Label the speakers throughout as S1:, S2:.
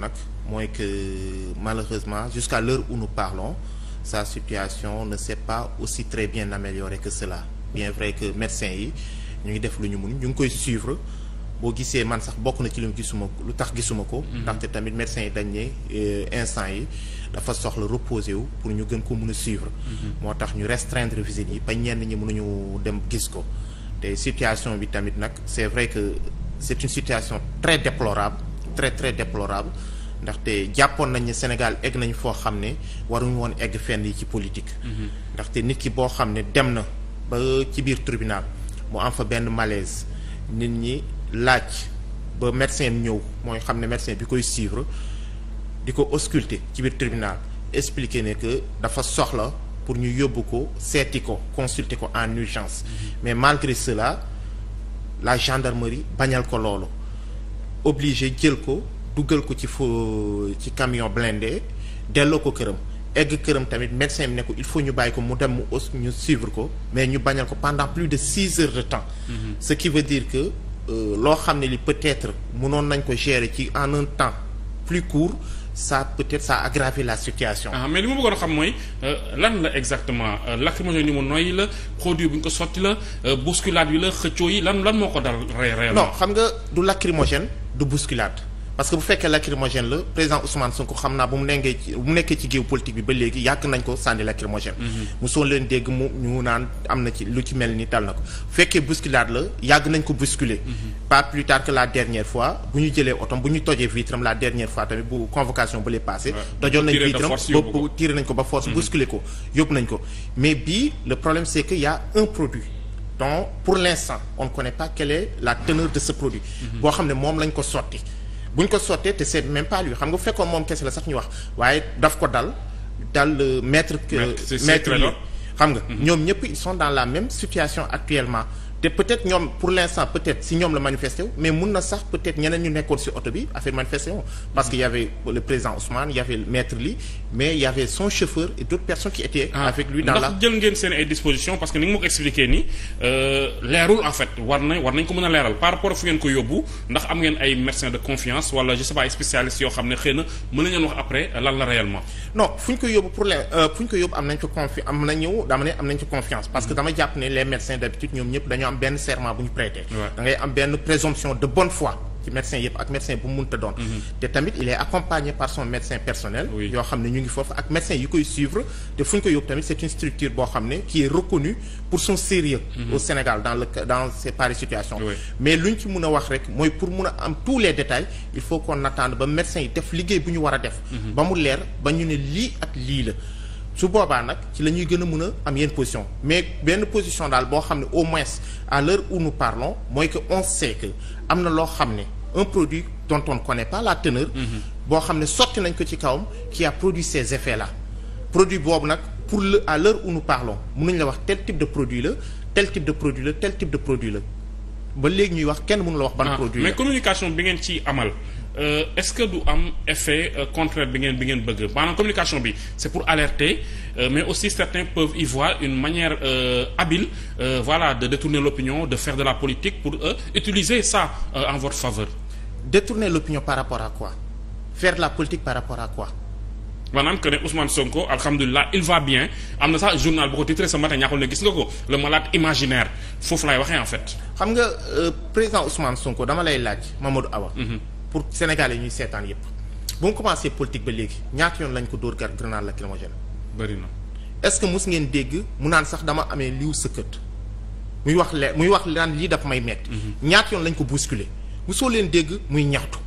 S1: nag mooy que malheureusement jusqu'à l'heure où nous parlons sa situation ne s'est pas aussi très bien améliorée que cela bien vrai que médecins yi ñu ngi def lu ñu mun ñu ngi koy suivre boo gisee man sax bokk na ci lu gisuma lu tax gisuma ko mhm. ndaxte tamit médecins yi dañ ne euh, instant yi dafa soxla reposer wu pour ñu gën ko mun a suivre mhm. moo tax ñu restreindre visite yi ba ñenn ñi ñu dem gis ko te situation bi tamit nag c'est vrai que c'est une situation très déplorable très très déplorable ndaxte jàppoon nañu Sénégal egg nañu foo xam ne waruñu woon egg fenn yi ci politique. Mhm. ndaxte nit ki boo xam ne dem na ba ci biir tribunal mu am fa benn malaise nit ñi laaj ba médecin ñëw mooy xam ne médecin bi koy suivre di ko ausculter ci biir tribunal expliquer ne que dafa soxla pour ñu yóbbu ko seeti ko consulter ko en urgence. Mhm. mais malgré cela la gendarmerie bañal ko loolu. obligé jël ko dugal ko ci fo ci camion blindé delloo ko këram egg këram tamit médecin mi ne ko il faut ñu bàyyi ko mu dem mu os ñu suivre ko mais ñu bañal ko pendant plus de six heures de temps mm-hmm. ce qui veut dire que euh, loo xam ne li peut-être mënoon nañ ko gérer ci en un temps plus court sa peut-être ça aggrave la situation.
S2: Ah, mais li ma bëggoon xam mooy euh, lan la exactement euh, lacrymogène yi mu noyyi la produit bu ñu ko sotti la bousculade yi la xëccoo yi lan lan moo ko dal.
S1: xam nga du lacrymogène. du bousculade parce que bu fekkee lacrymogène la président Ousmane Sonko xam naa bu mu nengee ci bu mu nekkee ci géew politique bi ba léegi yàgg nañ ko sànni lacrymogène mu mhm. soo leen dégg mu naan am na ci lu ci mel ni dal na ko fekkee bousculade la yàgg nañ ko bousculer mhm. pas plus tard que la dernière fois bu ñu jëlee otom bu ñu tojee vitram la dernière fois tamit bu convocation ba le passé tojoon nañ ko ba force mhm. bousculer ko yóbbu nañ ko mais bii le problème c'est donc pour l'instant on ne connaît pas quelle est la teneur de ce produit mhm. boo xam ne moom lañ ko sotti buñ ko sottee te seet même pas lui xam nga fekkoon moom kese la sax ñu wax waaye daf ko dal dal euh, maître maître xam nga mhm. ñoom ñëpp ils sont dans la même situation actuellement te peut-être ñoom pour l'instant peut-être si ñoom la manifesté wu mais mun na sax peut-être ñeneen ñu nekkoon ci oto bi affaire manifesté wu parce que y avait le président Ousmane y avait le maître Ly mais y avait son chauffeur et d'autres personnes qui étaient ah. avec
S2: lui dans la ndax jël ngeen seen ay dispositions parce que ni nga ma ko expliqué nii euh, leerul en fait war na war nañ ko mën a leeral par rapport fu ngeen ko yóbbu ndax am ngeen ay médecins de confiance wala je sais pas ay spécialistes yoo xam ne xëy na mën nañu wax après euh, lan la réellement
S1: non fu ñu ko yóbbu pour les euh, fu ñu ko yóbbu am nañ ko confi am nañu dama ne am nañ ko confiance parce que mhm. dama jàpp ne les médecins d'habitude ñoom ñëpp dañoo am benn serment bu ñu prêter. da ngay am benn présomption de bonne foi. ci médecin yëpp ak médecin bu mu mënta doon. Mm-hmm. te tamit il est accompagné par son médecin personnel. yoo xam ne ñu ngi foofu ak médecin yi koy suivre te fu ñu ko yóbbu tamit c' une structure boo xam ne qui est reconnue pour son sérieux mm-hmm. au Sénégal dans le dans ces pareilles situations. mais lu ñu ci mun a wax rek mooy pour mun a am tous les détails il faut qu'on attende ba médecin yi def liggéey mm-hmm. ba mu leer ba la. su boobaa nag ci la ñuy gën a mun a am yenn position mais benn position daal boo xam ne au moins à l'heure où nous parlons mooy que on sait que am na loo xam ne un produit dont on ne connaît pas la teneur mm-hmm. boo xam ne sotti nañ ko ci kawam qui a produit ces effets là produit boobu nag pour leur à l'heure où nous parlons mënuñ la wax tel type de produit la tel type de produit la tel type produit la ba léegi ñuy wax kenn mënu la wax ban ah, produit la mais
S2: communication bi ngeen ci amal Euh, est-ce que du am effet euh, contraire bi ngeen bi ngeen bëgg maanaam communication bi c'est pour alerter euh, mais aussi certains peuvent y voir une manière habile voilà de détourner l'opinion de faire de la politique pour utiliser ça en votre faveur détourner l'opinion par rapport à quoi faire de la politique par rapport à quoi maanaam que ne Ousmane Sonko alhamdulilah il va bien am na sax journal bu ko titré ce matin ñaaxul ne gis nga ko le malade imaginaire foofu laay waxee en fait xam nga
S1: président Ousmane Sonko dama lay laaj Mamadou pour Sénégal yi ñuy seetaan yépp bu mu commencé politique ba léegi ñaata yoon lañ ko dóor gar grenade lacrymogène bari na est-ce que mus ngeen dégg mu naan sax dama amee liw sëkkët muy wax le muy wax naan lii dafa may metti mhm. ñaata yoon lañ ko bousculer mu soo leen dégg muy ñaxtu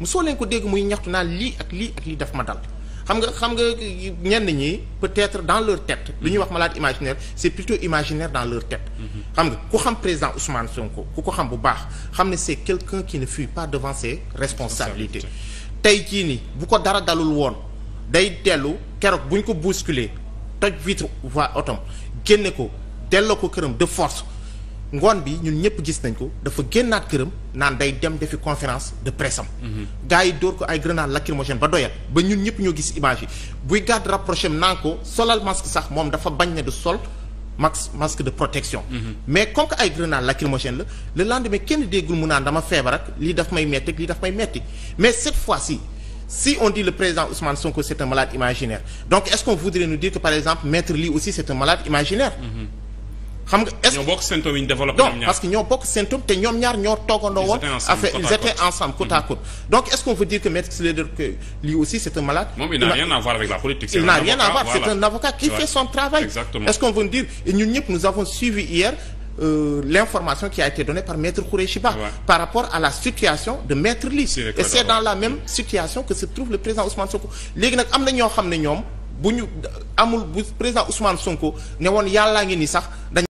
S1: mu soo leen ko dégg muy ñaxtu naan lii ak lii ak lii daf ma dal xam nga xam nga ñenn ñi peut-être dans leur tête lu ñuy wax malade imaginaire c'est plutôt imaginaire dans leur tête xam nga ku xam président Ousmane Sonko ku ko xam bu baax xam ne c'est quelqu'un ki ne fuit pas devant ses responsabilité tey jii nii bu ko dara dalul woon day dellu keroog bu ko bousculer toj vitre voie otom génne ko delloo ko këram de force ngoon bi ñun ñëpp gis nañ ko dafa génnaat këram naan day dem defi conférence de presse am. Mhm. yi dóor ko ay grenades lacrymogènes ba doyal ba ñun ñëpp ñoo gis image yi buy garde rapproché am naan ko solal masque sax moom dafa bañ ne du sol max masque de protection. Mhm. mais comme que ay grenades lacrymogènes la le lendemain kenn déggul mu naan dama feebar ak lii daf may metti ak lii may metti mais cette fois-ci. si on dit le président Ousmane Sonko c'est un malade imaginaire xam nga est bokk symptôme te ñoom ñaar ñoo toogandoo woon ils étaient ensemble côte à mhm. côte donc est-ce qu'on veut dire que maître Clédor que lui aussi c'est un malade il n'a rien à voir avec la politique c'est un avocat qui fait son travail est-ce qu'on veut dire ñun ñëpp nous avons suivi hier euh, l'information qui a été donnée par maître Khoureyssi Ba par rapport à la situation de maître Ly et c'est dans la même situation que se trouve le président